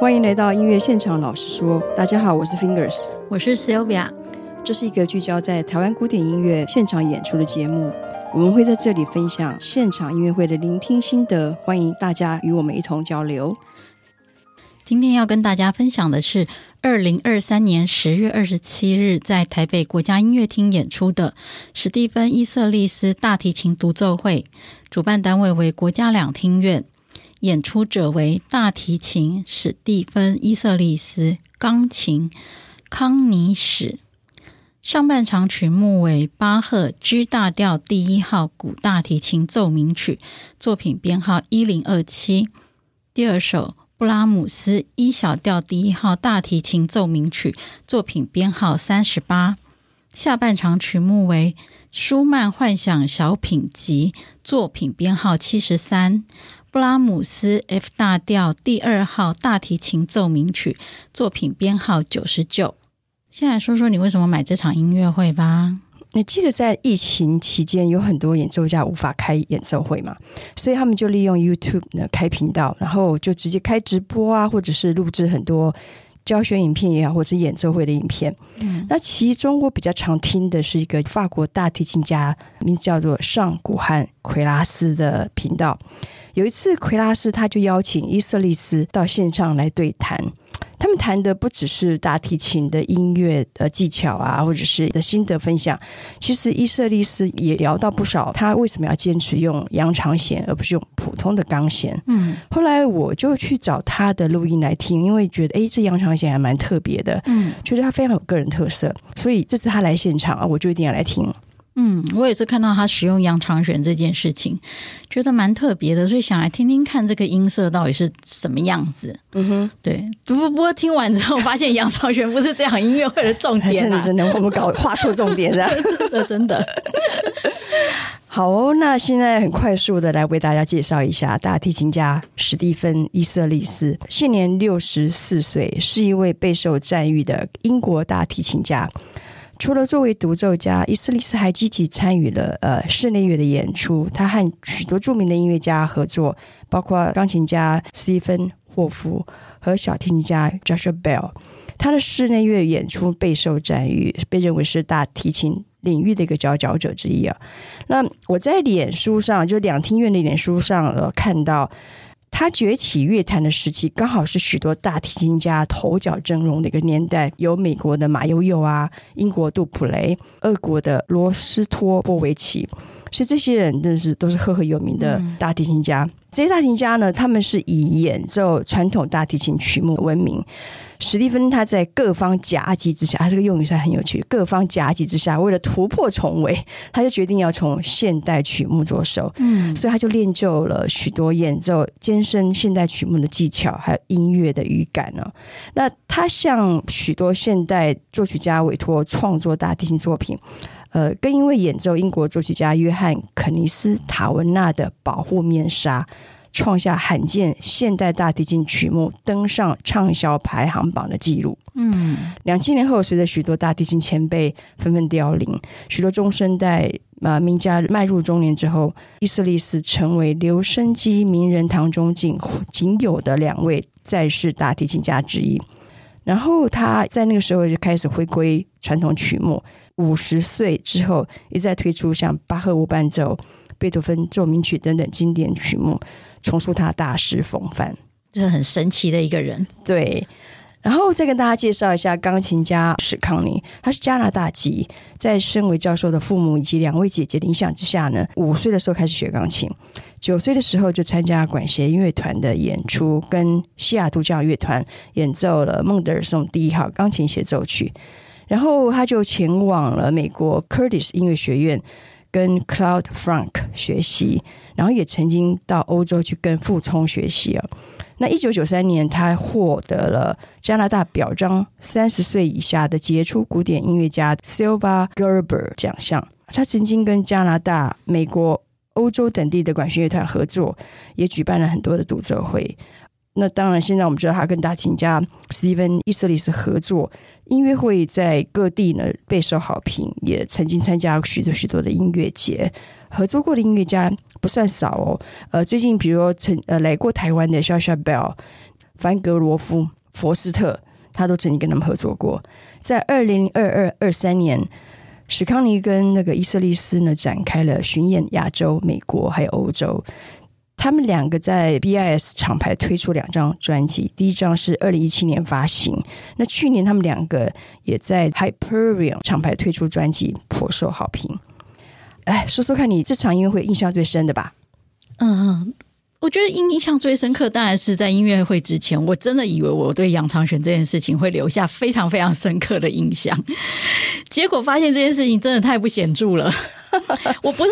歡迎來到音樂現場，老實說：“大家好，我是 Fingers，我是 Sylvia，這是一個聚焦在台灣古典音樂現場演出的節目。我們會在這裡分享現場音樂會的聆聽心得，歡迎大家與我們一同交流。今天要跟大家分享的是。”二零二三年十月二十七日在台北國家音樂廳演出的史蒂芬·伊瑟利斯大提琴獨奏會，主辦單位為國家兩廳院，演出者為大提琴史蒂芬·伊瑟利斯，鋼琴康尼史。上半場曲目為巴赫 G 大調第一號古大提琴奏鳴曲，作品編號一零二七。第二首。布拉姆斯《e 小調第一號大提琴奏鳴曲》作品編號三十八，下半場曲目為舒曼《幻想小品集》作品編號七十三，布拉姆斯《F 大調第二號大提琴奏鳴曲》作品編號九十九。先來說說你為什麼買這場音樂會吧。你記得在疫情期間有很多演奏家無法開演奏會嘛？所以他們就利用 YouTube 呢，開頻道，然後就直接開直播啊，或者是錄製很多教學影片，也好，或者是演奏會的影片。嗯、那其中我比較常聽的是一個法國大提琴家，名字叫做尚古漢奎拉斯的頻道。有一次，奎拉斯他就邀請伊瑟利斯到線上來對談。他們談的不只是大提琴的音樂的技巧啊，或者是的心得分享。其實伊瑟利斯也聊到不少，他為什麼要堅持用羊腸弦而不是用普通的鋼弦？嗯，後來我就去找他的錄音來聽，因為覺得哎，這羊腸弦還蠻特別的，嗯，覺得他非常有個人特色。所以這次他來現場，啊，我就一定要來聽。嗯，我也是看到他使用羊腸弦這件事情，覺得蠻特別的，所以想來聽聽看這個音色到底是什麼樣子。嗯哼，對。不不，不過聽完之後發現羊腸弦不是這場音樂會的重點。真的 真的，我們搞話術重點了，真的真的。 好哦，那現在很快速的來為大家介紹一下大提琴家史蒂芬·伊瑟利斯，現年六十四歲，是一位備受讚譽的英國大提琴家。除了作為獨奏家，伊瑟利斯還積極參與了呃室內樂的演出。他和許多著名的音樂家合作，包括鋼琴家斯蒂芬霍夫和小提琴家 Joshua Bell。他的室內樂演出備受讚譽，被認為是大提琴領域的一個佼佼者之一啊。那我在臉書上，就兩廳院的臉書上呃看到，他崛起樂壇的時期，剛好是許多大提琴家頭角崢嶸的一個年代，有美國的馬友友啊，英國杜普雷，俄國的羅斯托波維奇。所以這些人真的是都是赫赫有名的大提琴家。嗯、這些大提琴家呢，他們是以演奏傳統大提琴曲目聞名。史蒂芬他在各方夾擊之下，他這個用語是很有趣。各方夾擊之下，為了突破重圍，他就決定要從現代曲目着手。嗯，所以他就練就了許多演奏艱深現代曲目的技巧，還有音樂的語感呢、哦。那他向許多現代作曲家委託創作大提琴作品。呃，更因為演奏英國作曲家約翰肯尼斯塔文納的《保護面紗》，創下罕見現代大提琴曲目登上暢銷排行榜的記錄。嗯，兩千年後，隨着許多大提琴前輩紛紛凋零，許多中生代啊、呃、名家邁入中年之後，伊瑟利斯成為留聲機名人堂中僅僅有的兩位在世大提琴家之一。然後他在那個時候就開始回歸傳統曲目。五十歲之後，一再推出像巴赫無伴奏、貝多芬奏鳴曲等等經典曲目，重塑他大師風範。這是很神奇的一個人。對，然後再跟大家介紹一下鋼琴家史康尼，他是加拿大籍，在身為教授的父母以及兩位姐姐的影響之下呢，五歲的時候開始學鋼琴，九歲的時候就參加管弦樂團的演出，跟西雅圖交響樂團演奏了孟德爾頌第一號鋼琴協奏曲。然後他就前往了美國 Curtis 音樂學院，跟 Cloud Frank 學習，然後也曾經到歐洲去跟傅聰學習啊。那一九九三年，他獲得了加拿大表彰三十歲以下的傑出古典音樂家 Silva Gerber 獎項。他曾經跟加拿大、美國、歐洲等地的管弦樂團合作，也舉辦了很多的獨奏會。那當然，現在我們知道他跟大提琴家 Steven 伊瑟利斯合作音樂會，在各地呢備受好評，也曾經參加許多許多的音樂節，合作過的音樂家不算少哦。呃，最近比如說曾呃來過台灣的 Shasha Bell、Char、ell, 凡格羅夫、佛斯特，他都曾經跟他們合作過。在二零二二二三年，史康尼跟那個伊瑟利斯呢展開了巡演，亞洲、美國還有歐洲。他們兩個在 B I S 廠牌推出兩張專輯，第一張是二零一七年發行。那去年他們兩個也在 Hyperion 廠牌推出專輯，頗受好評。哎，說說看你這場音樂會印象最深的吧？嗯嗯，我覺得印印象最深刻當然是在音樂會之前，我真的以為我對羊腸弦這件事情會留下非常非常深刻的印象，結果發現這件事情真的太不顯著了。 我不是。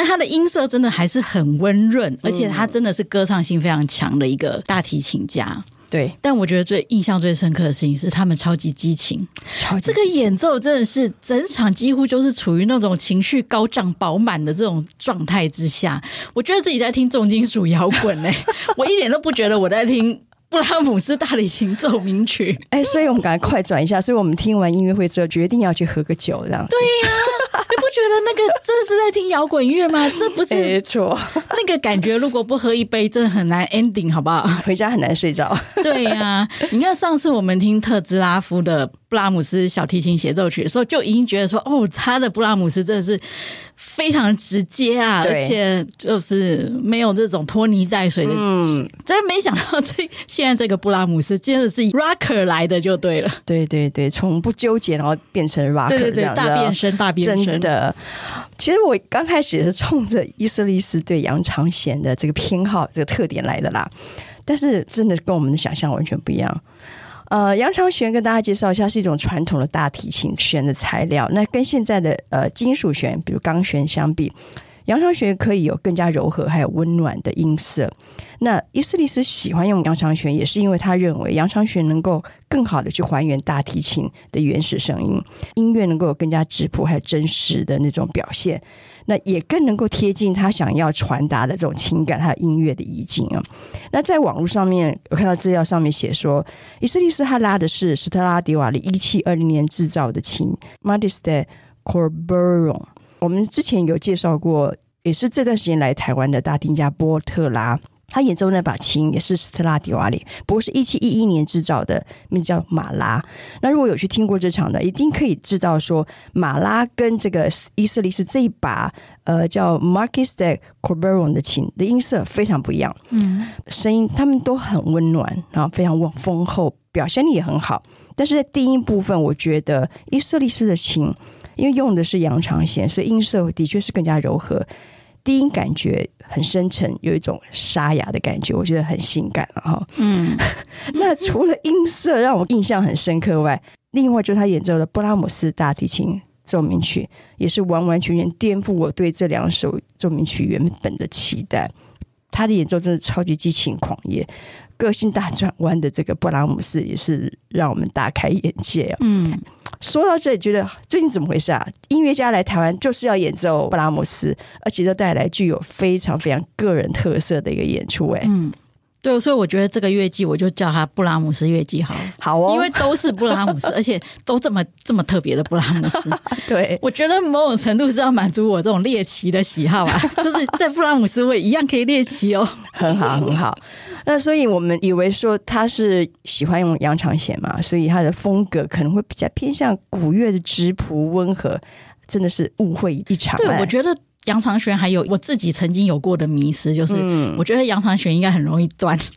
但他的音色真的還是很溫潤，嗯、而且他真的是歌唱性非常強的一個大提琴家。對，但我覺得最印象最深刻的事情是，他們超級激情，超級激情。這個演奏真的是整場幾乎就是處於那種情緒高漲、飽滿的這種狀態之下。我覺得自己在聽重金屬搖滾呢， 我一點都不覺得我在聽布拉姆斯大提琴奏鳴曲。哎、欸，所以我們趕快快轉一下。所以我們聽完音樂會之後，決定要去喝個酒。這樣子對呀、啊。覺得那個真的是在聽搖滾樂嗎？這不是，沒錯，那個感覺如果不喝一杯，真的很難 ending，好不好？回家很難睡着。 對呀、啊，你看上次我們聽特茲拉夫的。布拉姆斯小提琴協奏曲的時候，所以就已經覺得說，哦，他的布拉姆斯真的是非常直接啊，對而且就是沒有這種拖泥帶水的。嗯，真沒想到這現在這個布拉姆斯真的是 rocker 來的就對了。對對對，從不糾結，然後變成 rocker 對，對，對，樣大變身，大變身。真的，其實我剛開始也是衝着伊瑟利斯對羊腸弦的這個偏好，這個特點來的啦，但是真的跟我們的想象完全不一樣。呃，羊腸弦跟大家介紹一下，是一種傳統的大提琴弦的材料。那跟現在的呃金屬弦，比如鋼弦相比，羊腸弦可以有更加柔和還有溫暖的音色。那伊瑟利斯喜歡用羊腸弦，也是因為他認為羊腸弦能夠更好的去還原大提琴的原始聲音，音樂能夠有更加質樸還有真實的那種表現。那也更能夠貼近他想要傳達的這種情感，和音樂的意境啊、哦。那在網絡上面，我看到資料上面寫說，伊瑟利斯他拉的是斯特拉迪瓦里一七二零年製造的琴 Marquis de Corberon。 我們之前有介紹過，也是這段時間來台灣的大提琴家波特拉。他演奏那把琴也是斯特拉迪瓦里，不過是一七一一年製造的，名叫馬拉。那如果有去聽過這場的，一定可以知道說，馬拉跟這個伊瑟利斯這一把呃叫 Marquis de Corberon 的琴的音色非常不一樣。嗯，聲音他們都很溫暖啊，然後非常豐豐厚，表現力也很好。但是在低音部分，我覺得伊瑟利斯的琴因為用的是羊腸弦，所以音色的確是更加柔和。低音感覺很深沉，有一種沙啞的感覺，我覺得很性感了、哦、哈。嗯， 那除了音色讓我印象很深刻外，另外就是他演奏的布拉姆斯大提琴奏鳴曲，也是完完全全顛覆我對這兩首奏鳴曲原本的期待。他的演奏真的超級激情狂野，個性大轉彎的這個布拉姆斯也是讓我們大開眼界啊、哦。嗯。說到這裡，覺得最近怎麼回事啊？音樂家來台灣就是要演奏布拉姆斯，而且都帶來具有非常非常個人特色的一個演出，誒、嗯。對，所以我覺得這個樂季我就叫它布拉姆斯樂季好好哦，因為都是布拉姆斯， 而且都這麼這麼特別的布拉姆斯。 對，我覺得某種程度是要滿足我這種獵奇的喜好啊， 就是在布拉姆斯我也一樣可以獵奇哦，很好 很好。 那所以我們以為說他是喜歡用羊腸弦嘛，所以他的風格可能會比較偏向古樂的質樸溫和，真的是誤會一場。對，我覺得。羊腸弦還有我自己曾經有過的迷思，就是我覺得羊腸弦應該很容易斷，嗯、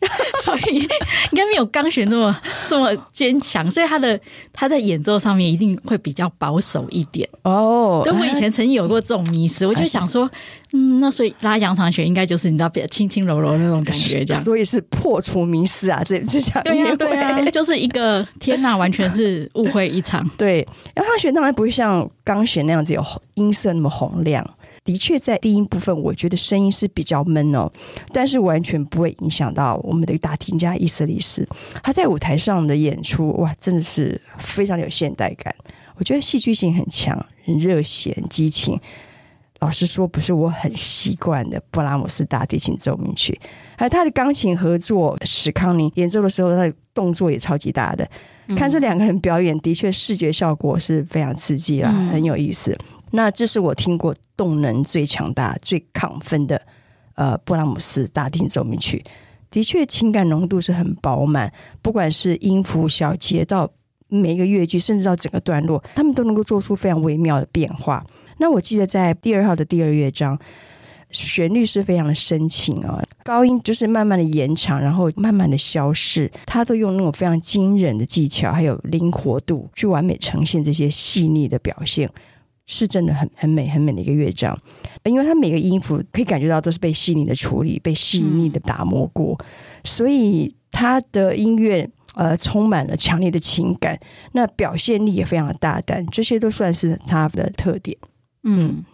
所以應該沒有鋼弦那麼這麼堅強， 所以他的他在演奏上面一定會比較保守一點哦。跟我以前曾經有過這種迷思，呃、我就想說，嗯，那所以拉羊腸弦應該就是你知道，比較輕輕柔柔那種感覺這樣。所以是破除迷思啊，這這下對呀、啊、對呀、啊，就是一個天哪，完全是誤會一場。對，羊腸弦當然不會像鋼弦那樣子有音色那麼洪亮。的確，在低音部分，我覺得聲音是比較悶哦，但是完全不會影響到我們的大提家伊瑟利斯。他在舞台上的演出，哇，真的是非常有現代感。我覺得戲劇性很強，很熱血、很激情。老實說，不是我很習慣的布拉姆斯大提琴奏鳴曲，還有他的鋼琴合作史康寧演奏的時候，他的動作也超級大的。嗯、看這兩個人表演，的確視覺效果是非常刺激啊，嗯、很有意思。那這是我聽過動能最強大、最亢奮的，呃，布拉姆斯大提奏鳴曲。的確，情感濃度是很飽滿，不管是音符、小節到每一個樂句，甚至到整個段落，他們都能夠做出非常微妙的變化。那我記得在第二號的第二樂章，旋律是非常的深情啊、哦，高音就是慢慢的延長，然後慢慢的消逝。他都用那種非常驚人的技巧，還有靈活度，去完美呈現這些細膩的表現。是真的很很美很美的一個樂章，因為他每個音符可以感覺到都是被細膩的處理，被細膩的打磨過，嗯、所以他的音樂呃充滿了強烈的情感，那表現力也非常的大膽，這些都算是他的特點。嗯，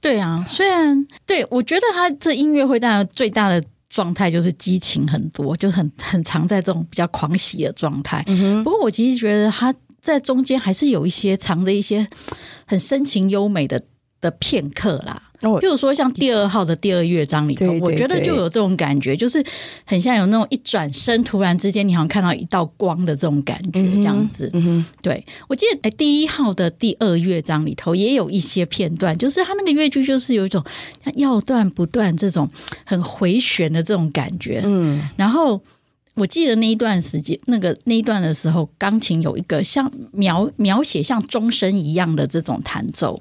對啊，雖然對我覺得他這音樂會當然最大的狀態就是激情很多，就很很常在這種比較狂喜的狀態。嗯、哼不過我其實覺得他。在中間還是有一些藏着一些很深情優美的的片刻啦，哦、譬如說像第二號的第二樂章裡頭，對對對，我覺得就有這種感覺，就是很像有那種一轉身，突然之間你好像看到一道光的這種感覺，這樣子。嗯嗯、對，我記得哎，第一號的第二樂章裡頭也有一些片段，就是他那個樂句就是有一種要斷不斷這種很回旋的這種感覺。嗯，然後。我記得那一段時間，那個那一段的時候，鋼琴有一個像描描寫像鐘聲一樣的這種彈奏，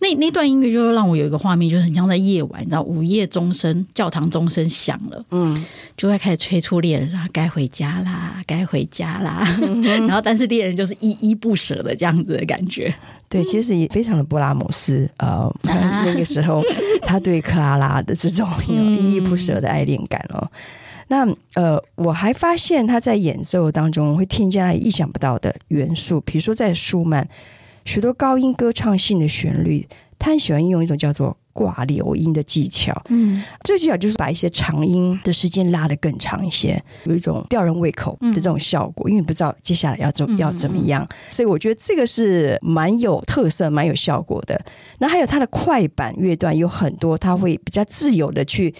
那那段音樂就是讓我有一個畫面，就是很像在夜晚，你知道午夜鐘聲，教堂鐘聲響了，嗯，就會開始催促戀人啦，該回家啦，該回家啦，嗯、哼 然後但是戀人就是依依不捨的這樣子的感覺。對，嗯、其實也非常的布拉姆斯、呃、啊，那個時候他對克拉拉的這種依依不捨的愛戀感哦。嗯那呃，我還發現他在演奏當中會添加意想不到的元素，比如說在舒曼許多高音歌唱性的旋律，他很喜歡運用一種叫做掛留音的技巧。嗯，這技巧就是把一些長音的時間拉得更長一些，有一種吊人胃口的這種效果，嗯、因為不知道接下來要怎要怎麼樣，嗯、所以我覺得這個是蠻有特色、蠻有效果的。那還有他的快板樂段有很多，他會比較自由的去。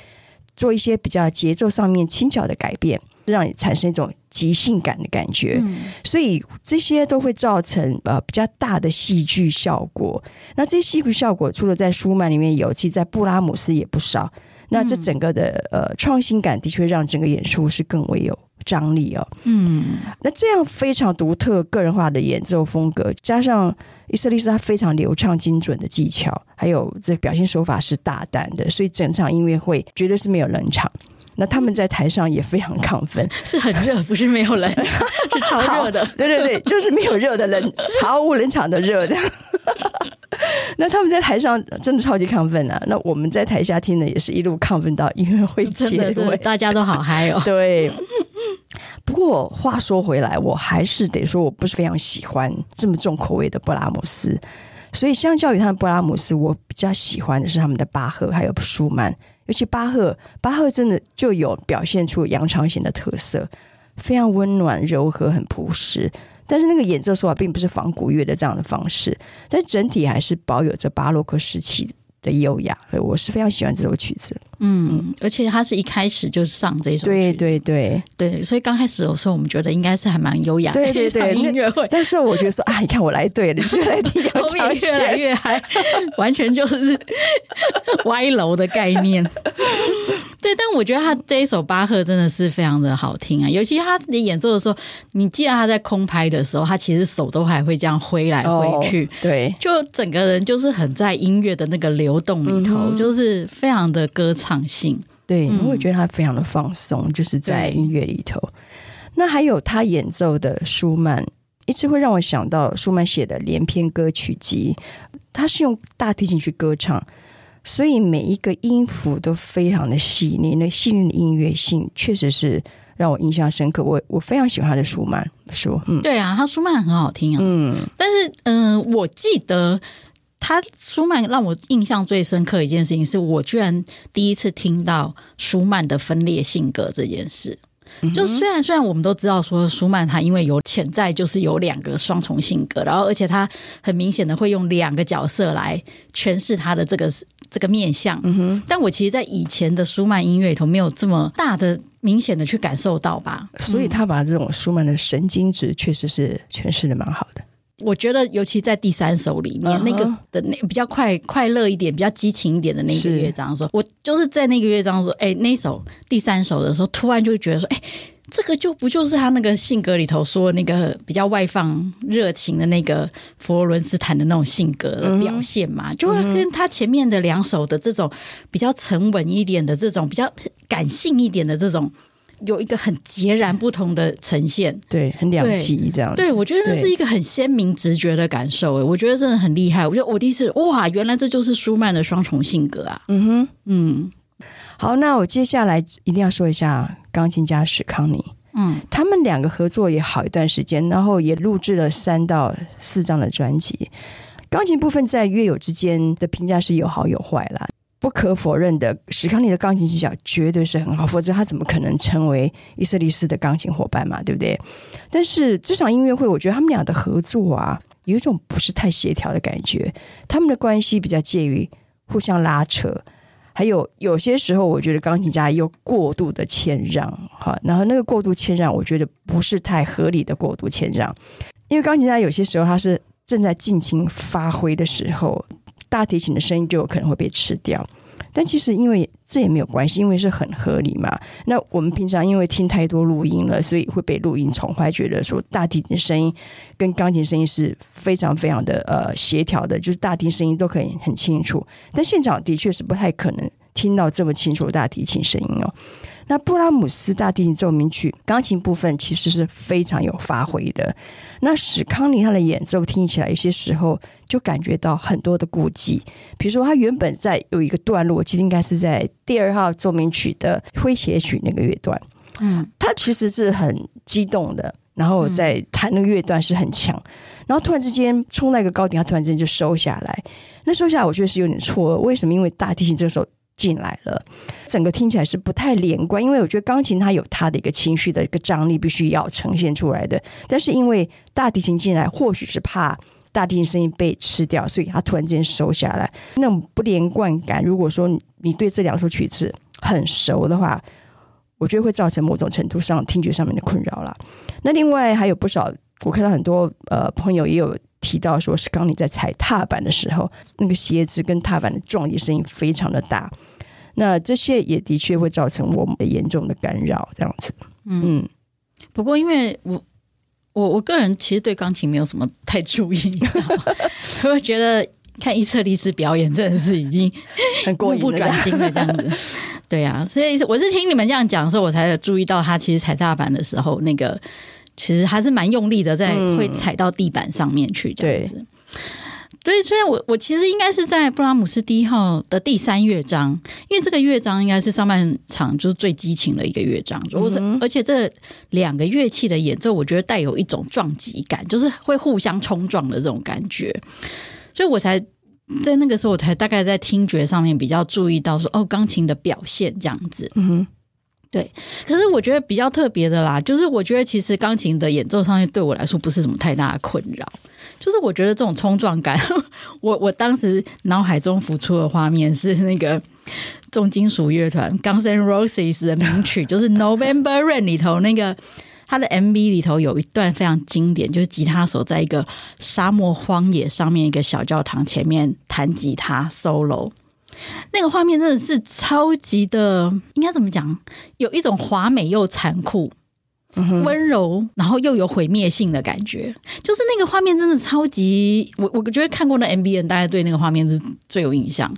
做一些比較節奏上面輕巧的改變，讓你產生一種即興感的感覺，嗯。所以這些都會造成呃比較大的戲劇效果。那這些戲劇效果除了在舒曼裡面有，其實在布拉姆斯也不少。那這整個的呃創新感的確讓整個演出是更為有。張力哦，嗯，那這樣非常獨特、個人化的演奏風格，加上伊瑟利斯他非常流暢、精準的技巧，還有這表現手法是大膽的，所以整場音樂會絕對是沒有冷場。那他們在台上也非常亢奮，是很熱，不是沒有冷， 是超熱的。對對對，就是沒有熱的冷，毫無冷場的熱這樣。 那他們在台上真的超級亢奮啊！那我們在台下聽的也是一路亢奮到音樂會結尾的的，大家都好嗨哦， 對。不過話說回來，我還是得說，我不是非常喜歡這麼重口味的布拉姆斯，所以相較於他的布拉姆斯，我比較喜歡的是他們的巴赫，還有舒曼。尤其巴赫，巴赫真的就有表現出羊腸弦的特色，非常溫暖、柔和、很樸實。但是那個演奏手法並不是仿古樂的這樣的方式，但整體還是保有着巴洛克時期的優雅，所以我是非常喜歡這首曲子。嗯，而且他是一開始就是上這一首，對對對對，所以剛開始的時候我們覺得應該是還蠻優雅的對對。音樂會對對對。但是我覺得說 啊，你看我來對，你卻來聽搖搖，後面越來越還完全就是歪樓的概念。 對，但我覺得他這一首巴赫真的是非常的好聽啊，尤其他的演奏的時候，你記得他在空拍的時候，他其實手都還會這樣揮來揮去，哦、對，就整個人就是很在音樂的那個流動裡頭，嗯、哼就是非常的歌唱。放性，對，嗯、我也覺得他非常的放鬆，就是在音樂裡頭。對那還有他演奏的舒曼，一直會讓我想到舒曼寫的連篇歌曲集，他是用大提琴去歌唱，所以每一個音符都非常的細膩，那細膩的音樂性確實是讓我印象深刻。我我非常喜歡他的舒曼，說嗯，對啊，他舒曼很好聽啊，嗯，但是嗯、呃，我記得。他舒曼讓我印象最深刻一件事情，是我居然第一次聽到舒曼的分裂性格這件事。就雖然雖然我們都知道說舒曼他因為有潛在就是有兩個雙重性格，然後而且他很明顯的會用兩個角色來詮釋他的這個這個面相。嗯哼，但我其實，在以前的舒曼音樂裡頭，沒有這麼大的明顯的去感受到吧。所以他把這種舒曼的神經質，確實是詮釋的蠻好的。我覺得，尤其在第三首裡面，Uh huh. 那個的那比較快快樂一點、比較激情一點的那個樂章的時候，說是，我就是在那個樂章說，哎、欸，那首第三首的時候，突然就覺得說，哎、欸，這個就不就是他那個性格裡頭說那個比較外放、熱情的那個佛羅倫斯坦的那種性格的表現嘛？Uh huh. 就會跟他前面的兩首的這種比較沉穩一點的、這種比較感性一點的這種。有一個很截然不同的呈現，對，很兩極這樣子。對，我覺得這是一個很鮮明直覺的感受。哎對，我覺得真的很厲害。我覺得我第一次哇，原來這就是舒曼的雙重性格啊。嗯哼，嗯，好，那我接下來一定要說一下鋼琴家史康尼。嗯，他們兩個合作也好一段時間，然後也錄製了三到四張的專輯。鋼琴部分在樂友之間的評價是有好有壞啦。不可否認的，史康利的鋼琴技巧絕對是很好，否則他怎麼可能成為伊瑟利斯的鋼琴夥伴嘛？對不對？但是這場音樂會，我覺得他們倆的合作啊，有一種不是太協調的感覺。他們的關係比較介於互相拉扯，還有有些時候，我覺得鋼琴家又過度的謙讓，哈。然後那個過度謙讓，我覺得不是太合理的過度謙讓，因為鋼琴家有些時候他是正在盡情發揮的時候。大提琴的聲音就有可能會被吃掉，但其實因為這也沒有關係，因為是很合理嘛。那我們平常因為聽太多錄音了，所以會被錄音寵壞，覺得說大提琴的聲音跟鋼琴聲音是非常非常的呃協調的，就是大提聲音都可以很清楚。但現場的確是不太可能聽到這麼清楚的大提琴聲音哦。那布拉姆斯大提琴奏鳴曲鋼琴部分其實是非常有發揮的。那史康尼他的演奏聽起來有些時候就感覺到很多的顧忌。比如說他原本在有一個段落，其實應該是在第二號奏鳴曲的詼諧曲那個樂段，嗯，他其實是很激動的，然後在彈那個樂段是很強，嗯、然後突然之間衝那個高點，他突然之間就收下來。那收下來我覺得是有點錯愕，為什麼？因為大提琴這個時候，進來了，整個聽起來是不太連貫，因為我覺得鋼琴它有它的一個情緒的一個張力必須要呈現出來的，但是因為大提琴進來，或許是怕大提琴聲音被吃掉，所以他突然間收下來，那種不連貫感，如果說你對這兩首曲子很熟的話，我覺得會造成某種程度上聽覺上面的困擾了。那另外還有不少，我看到很多呃朋友也有提到，說是鋼琴在踩踏板的時候，那個鞋子跟踏板的撞擊聲音非常的大。那這些也的確會造成我們的嚴重的干擾，這樣子。嗯，嗯，不過因為我我我個人其實對鋼琴沒有什麼太注意， 我覺得看伊瑟利斯表演真的是已經很過癮，那個、目不轉睛的這樣子。對啊，所以我是聽你們這樣講的時候，我才有注意到他其實踩踏板的時候，那個其實還是蠻用力的，在會踩到地板上面去這樣子。嗯對對，所以，雖然我我其實應該是在布拉姆斯第一號的第三樂章，因為這個樂章應該是上半場就是最激情的一個樂章。我是、嗯、哼而且這兩個樂器的演奏，我覺得帶有一種撞擊感，就是會互相衝撞的這種感覺。所以我才在那個時候，我才大概在聽覺上面比較注意到說，哦，鋼琴的表現這樣子。嗯哼，對。可是我覺得比較特別的啦，就是我覺得其實鋼琴的演奏上面對我來說不是什麼太大的困擾。就是我覺得這種衝撞感，我我當時腦海中浮出的畫面是那個重金屬樂團 Guns N Roses 的名曲，就是 November Rain 裡頭那個，他的 MV 裡頭有一段非常經典，就是吉他手在一個沙漠荒野上面一個小教堂前面彈吉他 solo，那個畫面真的是超級的，應該怎麼講？有一種華美又殘酷。嗯、溫柔，然後又有毀滅性的感覺，就是那個畫面真的超級。我我覺得看過那 M V N 大家對那個畫面是最有印象。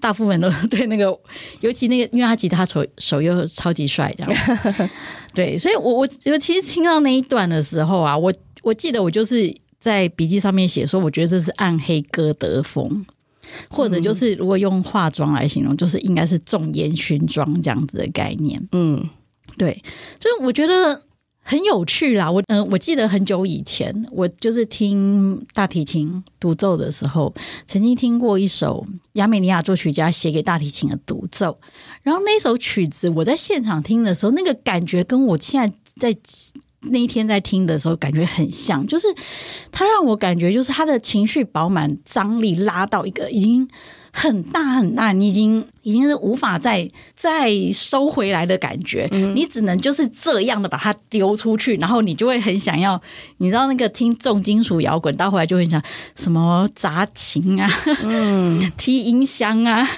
大部分都對那個，尤其那個，因為他吉他手手又超級帥，這樣。 對，所以我，我我我尤其是聽到那一段的時候啊，我我記得我就是在筆記上面寫說，我覺得這是暗黑哥德風，嗯、哼或者就是如果用化妝來形容，就是應該是重煙熏妝這樣子的概念。嗯，對，所以我覺得。很有趣啦，我嗯，我記得很久以前，我就是聽大提琴獨奏的時候，曾經聽過一首亞美尼亞作曲家寫給大提琴的獨奏，然後那首曲子我在現場聽的時候，那個感覺跟我現在在那一天在聽的時候感覺很像，就是它讓我感覺就是他的情緒飽滿，張力拉到一個已經。很大很大，你已經已經是無法再再收回來的感覺，你只能就是這樣的把它丟出去，嗯、然後你就會很想要，你知道那個聽重金屬搖滾到後來就很想什麼砸琴啊，嗯，踢音箱啊，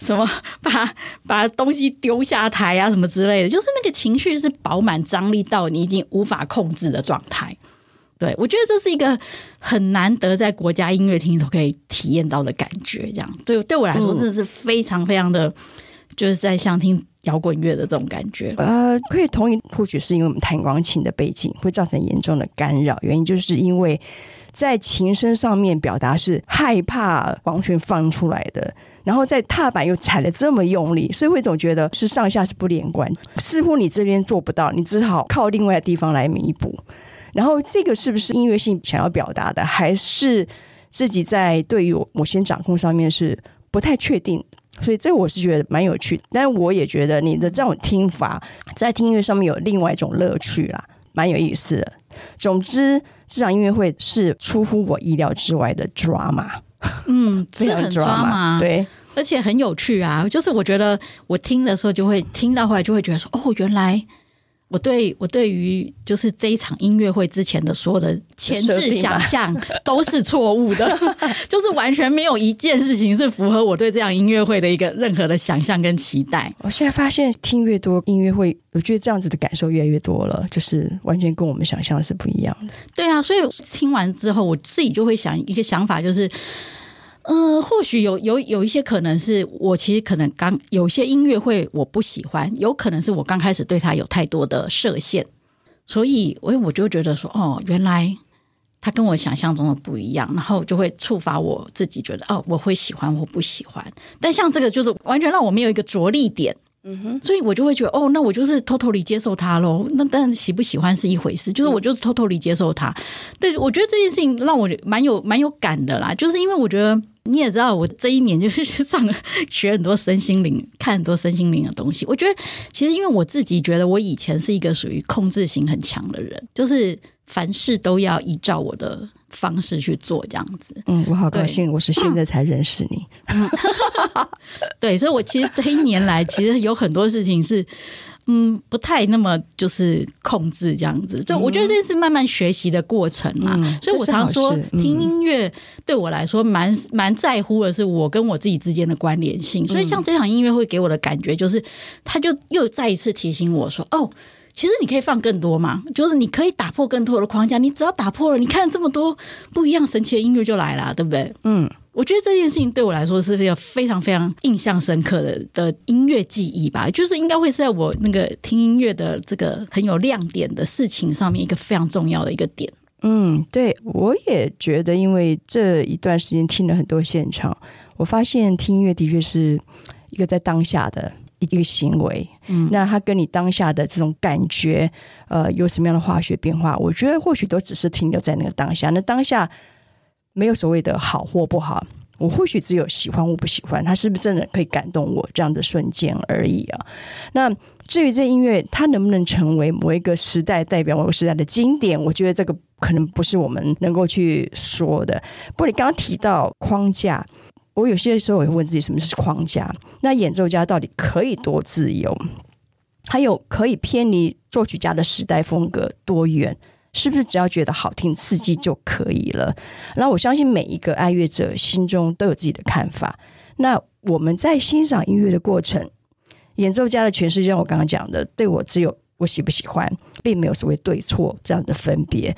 什麼把把東西丟下台啊，什麼之類的，就是那個情緒是飽滿張力到你已經無法控制的狀態。對，我覺得這是一個很難得在國家音樂廳都可以體驗到的感覺。這樣，對對我來說真的是非常非常的，就是在像聽搖滾樂的這種感覺。呃，可以同意，或許是因為我們彈鋼琴的背景會造成嚴重的干擾。原因就是因為在琴身上面表達是害怕完全放出來的，然後在踏板又踩得這麼用力，所以會總覺得是上下是不連貫。似乎你這邊做不到，你只好靠另外的地方來彌補。然後這個是不是音樂性想要表達的，還是自己在對於我某些掌控上面是不太確定，所以這我是覺得蠻有趣的。但我也覺得你的這種聽法在聽音樂上面有另外一種樂趣啦，蠻有意思的。總之，這場音樂會是出乎我意料之外的 Drama。嗯，是很 Drama，對，而且很有趣啊。就是我覺得我聽的時候就會聽到，後來就會覺得說，哦，原來。我對我對於就是這一場音樂會之前的所有的前置想象都是錯誤的， 就是完全沒有一件事情是符合我對這樣音樂會的一個任何的想象跟期待。我現在發現聽越多音樂會，我覺得這樣子的感受越來越多了，就是完全跟我們想象是不一樣的。對啊，所以聽完之後我自己就會想一個想法，就是。嗯、呃，或許有有有一些可能是我其實可能剛有些音樂會我不喜歡，有可能是我剛開始對他有太多的設限，所以我我就覺得說哦，原來他跟我想象中的不一樣，然後就會觸發我自己覺得哦，我會喜歡，我不喜歡。但像這個就是完全讓我沒有一個着力點，嗯哼，所以我就會覺得哦，那我就是偷偷的接受他咯。那但喜不喜歡是一回事，就是我就是偷偷的接受他。嗯、對，我覺得這件事情讓我蠻有蠻有感的啦，就是因為我覺得。你也知道，我這一年就是上學，學很多身心靈，看很多身心靈的東西。我覺得，其實因為我自己覺得，我以前是一個屬於控制型很強的人，就是凡事都要依照我的方式去做，這樣子。嗯，我好高興，對我是現在才認識你。嗯、 對，所以，我其實這一年來，其實有很多事情是。嗯，不太那麼就是控制這樣子，對、嗯、我覺得這是慢慢學習的過程嘛。嗯、所以，我常常說、嗯、聽音樂對我來說蠻蠻在乎的是我跟我自己之間的關聯性。所以，像這場音樂會給我的感覺就是，他就又再一次提醒我說，哦。其實你可以放更多嘛，就是你可以打破更多的框架，你只要打破了，你看這麼多不一樣神奇的音樂就來了，對不對？嗯，我覺得這件事情對我來說是非常非常印象深刻的的音樂記憶吧，就是應該會是在我那個聽音樂的這個很有亮點的事情上面一個非常重要的一個點。嗯，對，我也覺得，因為這一段時間聽了很多現場，我發現聽音樂的確是一個在當下的。一個行為，嗯、那他跟你當下的這種感覺，呃，有什麼樣的化學變化？我覺得或許都只是停留在那個當下。那當下沒有所謂的好或不好，我或許只有喜歡或不喜歡。他是不是真的可以感動我這樣的瞬間而已啊？那至於這音樂，它能不能成為某一個時代代表某個時代的經典？我覺得這個可能不是我們能夠去說的。不過你剛剛提到框架。我有些時候也會問自己，什麼是框架？那演奏家到底可以多自由？還有可以偏離作曲家的時代風格多遠？是不是只要覺得好聽、刺激就可以了？然後我相信每一個愛樂者心中都有自己的看法。那我們在欣賞音樂的過程，演奏家的詮釋，像我剛剛講的，對我只有我喜不喜歡，並沒有所謂對錯這樣的分別。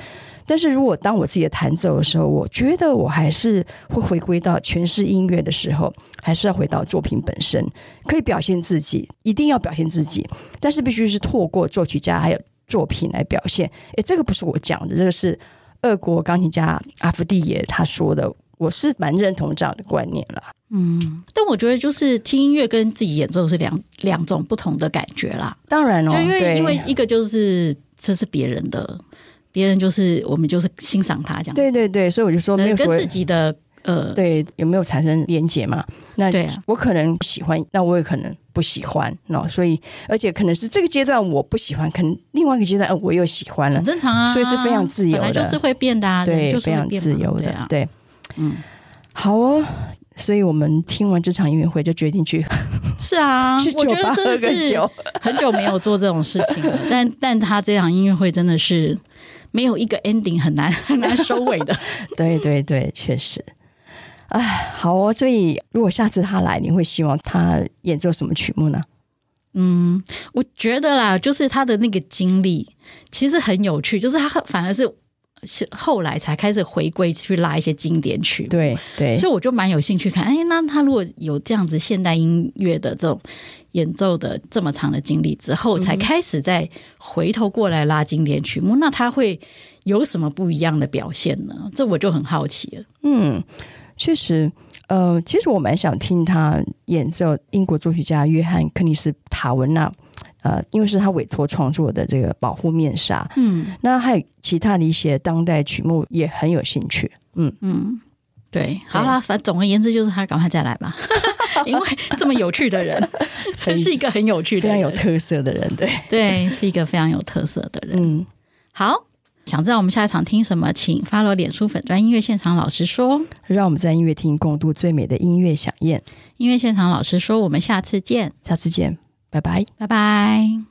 但是如果當我自己的彈奏的時候，我覺得我還是會回歸到詮釋音樂的時候，還是要回到作品本身，可以表現自己，一定要表現自己，但是必須是透過作曲家還有作品來表現。哎，這個不是我講的，這個是俄國鋼琴家阿福蒂耶他說的，我是蠻認同這樣的觀念了。嗯，但我覺得就是聽音樂跟自己演奏是兩兩種不同的感覺啦。當然哦，就因為對因為一個就是這是別人的。別人就是我們，就是欣賞他這樣。對對對，所以我就說，沒有說自己的呃，對有沒有產生連結嘛？那對啊，我可能喜歡，那我也可能不喜歡，那所以而且可能是這個階段我不喜歡，可能另外一個階段，我又喜歡了，很正常啊。所以是非常自由的，本來就是會變的，對，非常自由的，對，嗯，好哦。所以我們聽完這場音樂會，就決定去，是啊，去酒吧喝個酒，很久沒有做這種事情了。但但他這場音樂會真的是。沒有一個 ending 很難很難收尾的， 對對對，確實。哎，好哦，所以如果下次他來，你會希望他演奏什麼曲目呢？嗯，我覺得啦，就是他的那個經歷其實很有趣，就是他反而是。是後來才開始回歸去拉一些經典曲，對對、對，所以我就蠻有興趣看。哎，那他如果有這樣子現代音樂的這種演奏的這麼長的經歷之後，才開始再回頭過來拉經典曲目，嗯、那他會有什麼不一樣的表現呢？這我就很好奇了。嗯，確實，呃，其實我蠻想聽他演奏英國作曲家約翰·肯尼斯·塔文納。呃，因為是他委託創作的這個保護面紗，嗯，那還有其他的一些當代曲目也很有興趣，嗯嗯，對，好啦。對反總而言之就是他趕快再來吧， 因為這麼有趣的人，很 是一個很有趣的人，非常有特色的人，對對，是一個非常有特色的人。嗯，好，想知道我們下一場聽什麼，請 follow 臉書粉專音樂現場老實說。讓我們在音樂廳共度最美的音樂饗宴。音樂現場老實說，我們下次見，下次見。拜拜，拜拜。